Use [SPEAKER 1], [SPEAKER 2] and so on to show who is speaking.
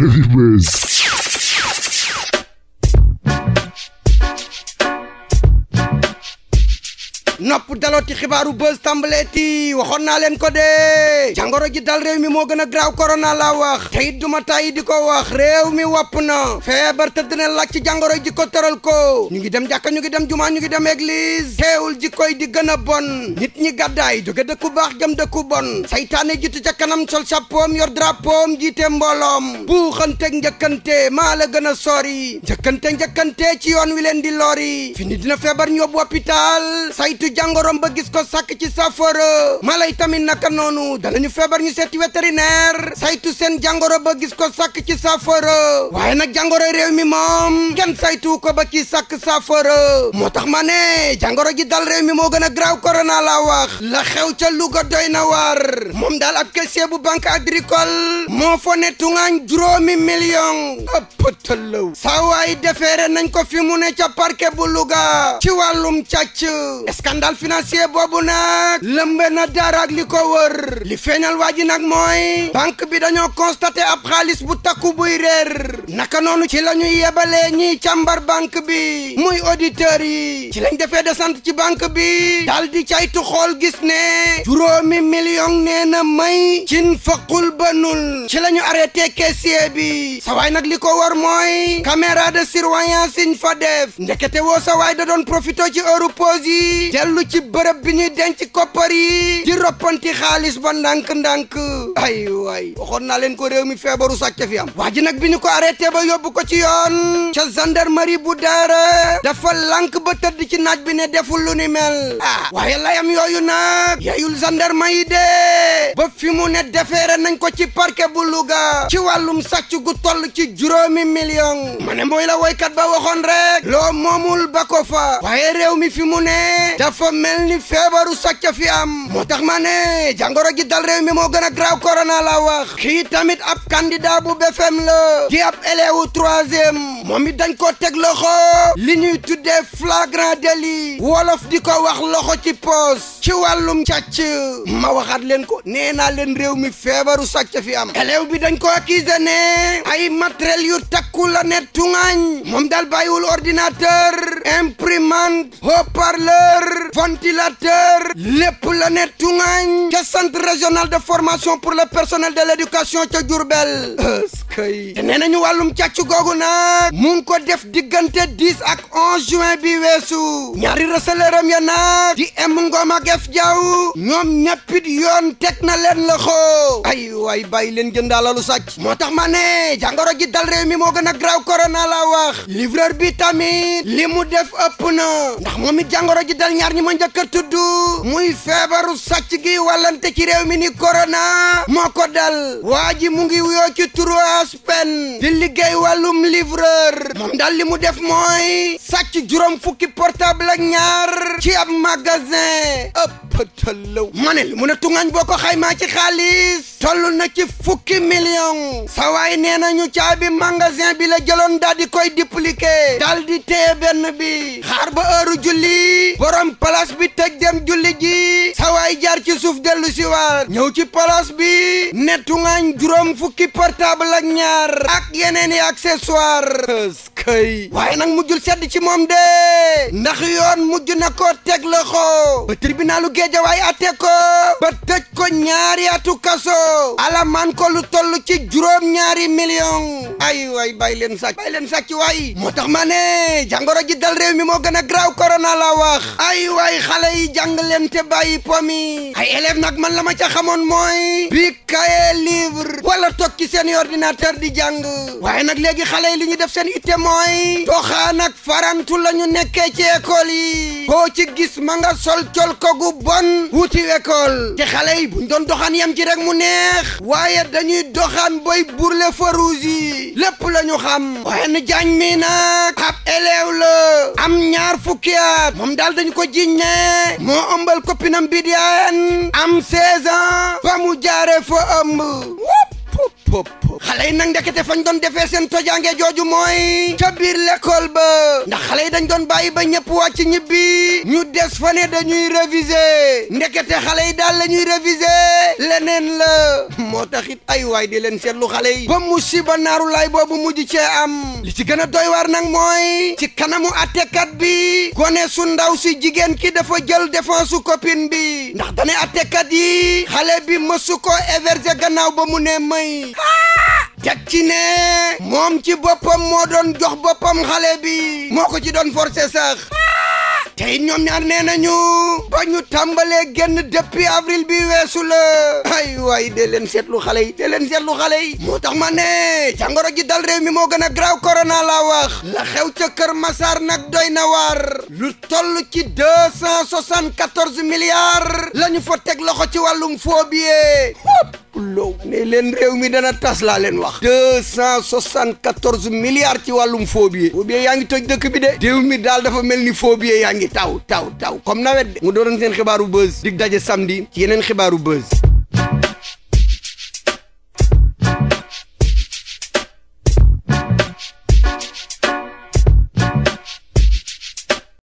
[SPEAKER 1] Heavyweight. nopp dalooti xibaaru buzz tàmbaleeti waxoon naa leen ko dee jàngoro ji dal réew mi moo gën a graaw korona la wax te it duma tàyyi di ko wax réew mi wopp na feebar tëdd na laaj ci jàngoro ji ko tëral ko ñu ngi dem jàkka ñu ngi dem jumaa ñu ngi dem église teewul ji koy di gën a bon nit ñi gàddaay jóge dëkku baax jëm dëkku bon saytaane jiitu ca kanam sol sapom yor drapoom jiite mbooloom buuxante njëkkante maa la gën a sori njëkkante njëkkante ci yoon wi leen di lori feebar ñu yóbbu hôpital moytu jàngoroom ba gis ko sàkk ci saafara mala yi tamit naka noonu danañu feebar ñu seeti vétérinaire saytu seen jàngoro ba gis ko sàkk ci saafara waaye nag jàngoro réew mi moom kenn saytu ko ba ci sàkk saafara moo tax ma ne jàngoro ji dal réew mi moo gën a graaw corona laa wax la xew ca Louga doy na waar moom daal ab caissier bu banque agricole moo fa ne tungaañ juróomi million pëtëlëw saa waay defeere nañ ko fi mu ne ca parquet bu Louga ci wàllum càcc scandale financier boobu nag lëmbe na dara ak li ko wër li feeñal waa ji nag mooy banque bi dañoo constaté ab xaalis bu takku buy réer naka noonu ci la ñuy yebalee ñiy càmbar banque bi muy auditeurs yi ci lañ defee de sant ci banque bi daal di caytu xool gis ne juróomi million nee na may cin faqul banul ci la ñu arrêté bi sa nag li ko wër mooy caméra de surveillance yiñ fa def ndekete woo sa waay da doon profité ci heure pause yi dellu ci bërëb bi ñuy denc koppar yi di roppanti xaalis ba ndànk-ndànk ay waay waxoon naa leen ko réew mi feebaru sàcc fi am waa ji nag bi ñu ko arrêté ba yóbbu ko ci yoon ca gendarmerie bu daara dafa lank ba tëdd ci naaj bi ne deful lu ni mel ah waaye layam yooyu nag yeyul gendarme yi ba fi mu ne defeere nañ ko ci parquet bu ci wàllum sàcc gu toll ci juróomi million ma ne mooy la woykat ba waxoon rek loo moomul ba ko fa waaye réew mi fi mu ne dafa mel ni feebaru sàcc fi am moo tax ma ne jàngoro gi dal réew mi moo gën a graaw corona la wax kii tamit ab candidat bu BFM la di ab élève troisième moom it dañ ko teg loxo li ñuy tuddee flagrant délit wolof di ko wax loxo ci poos ci wàllum càcc ma waxaat leen ko nee naa leen réew mi feebaru sàcc fi am élève bi dañ ko accusé ne ay matériel yu takku la ne tuŋaañ moom daal bàyyiwul ordinateur imprimante haut-parleur ventilateur lépp la ne tuŋaañ ca centre régional de formation pour le personnel de l'éducation ca Diourbel kay te nee nañu wàllum càcc googu nag mu ngi ko def diggante ak 11 juin bi weesu ñaari rësalëram ya nag di em ngoom ak ef jaaw ñoom ñeppit yoon teg na leen la xoo ay waay bàyyi leen jëndaalalu sàcc moo tax ma ne jàngoro ji dal réew mi moo gën a graw korona la wax livreur bi tamit li mu def ëpp na ndax moom it jàngoro ji dal ñaar ñi ma njëkk a tudd muy feebaru sàcc gi wàllante ci réew mi ni korona moo ko dal waa mu ngi wuyoo ci turoa Aspen di liggéey wàllum livreur moom daal li mu def mooy sàcc juróom fukki portable ak ñaar ci ab magasin ëppatalaw ma ne li mu ne tungañ boo ko xaymaa ci xaalis toll na ci fukki million sa waay nee caabi magasin bi la jëloon daal di koy dupliquer daal di téye bi xaar ba heure julli borom dellu si waat ñëw ci palaas bi nettu ngaañ juróom fukki portable ak ñaar ak yeneen i accessoire waaye nag mujjul sedd ci moom de ndax yoon mujj na ko teg loxo ba tribunalu Géejawaay atte ko ba tëj ko ñaari atu kaso alamaan ko lu toll ci juróom ñaari million ay waay bàyyi leen sàcc bàyyi leen sàcc waay moo tax ma ne jàngoro ji dal réew mi moo gën a graw korona la wax ay waay xale yi jàng leen te bàyyi pomi ay élève nag man la ma ca xamoon mooy bi kaye livre wala toog ci seen di jàng waaye nag léegi xale yi li ñu def seen itte moo mooy toxaan ak farantu la ñu nekkee ci école yi koo ci gis ma sol col ko gu bon wuti école de xale yi buñ doon doxaan yam ci rek mu neex waaye dañuy doxaan boy burle faruus yi lépp lañu ñu xam waxenn jaañ mi nag ab élève am ñaar fukki moom daal dañu ko jiñ ne moo ëmbal copinam bi di am 16 ans fa mu jaare fa ëmb pëp pëp xale yi nag ndekete fañ doon defee seen tojaange jooju mooy ca biir l'école ba ndax xale yi dañ doon bàyyi ba ñëpp wàcc ñibbi ñu des fa ne dañuy réviser ndekete xale yi daal la ñuy réviser leneen la moo taxit ay waay di leen seetlu xale yi ba si ba laay boobu mujj cee am li ci gën a doy waar nag mooy ci kanamu attekat bi gone su ndaw si jigéen ki dafa jël défense su copine bi ndax dane attekat yi xale bi mësu ko everger gannaaw ba mu ne may teg ci ne moom ci boppam moo doon jox boppam xale bi moo ko ci doon forcé sax tey ñoom ñaar nee nañu ba ñu tàmbalee génn depuis avril bi weesu la ay waay de leen seetlu xale yi dee leen seetlu xale yi moo tax ma ne jàngoro ji dal réew mi moo gën a graaw corona laa wax la xew ca Kër Masaar nag doy na waar lu toll ci deux cent soixante-quatorze milliards teg loxo ci wàllum foo biyee loow leen réew mi dana tas laa leen wax deux cent soixante-quatorze milliards ci wàllum phobie phobie yaa ngi toj dëkk bi de réew mi daal dafa mel ni phobie yaa ngi taw taw taw comme nawet de mu doonoon seen xibaaru buzz dig daje samdi ci yeneen xibaaru buzz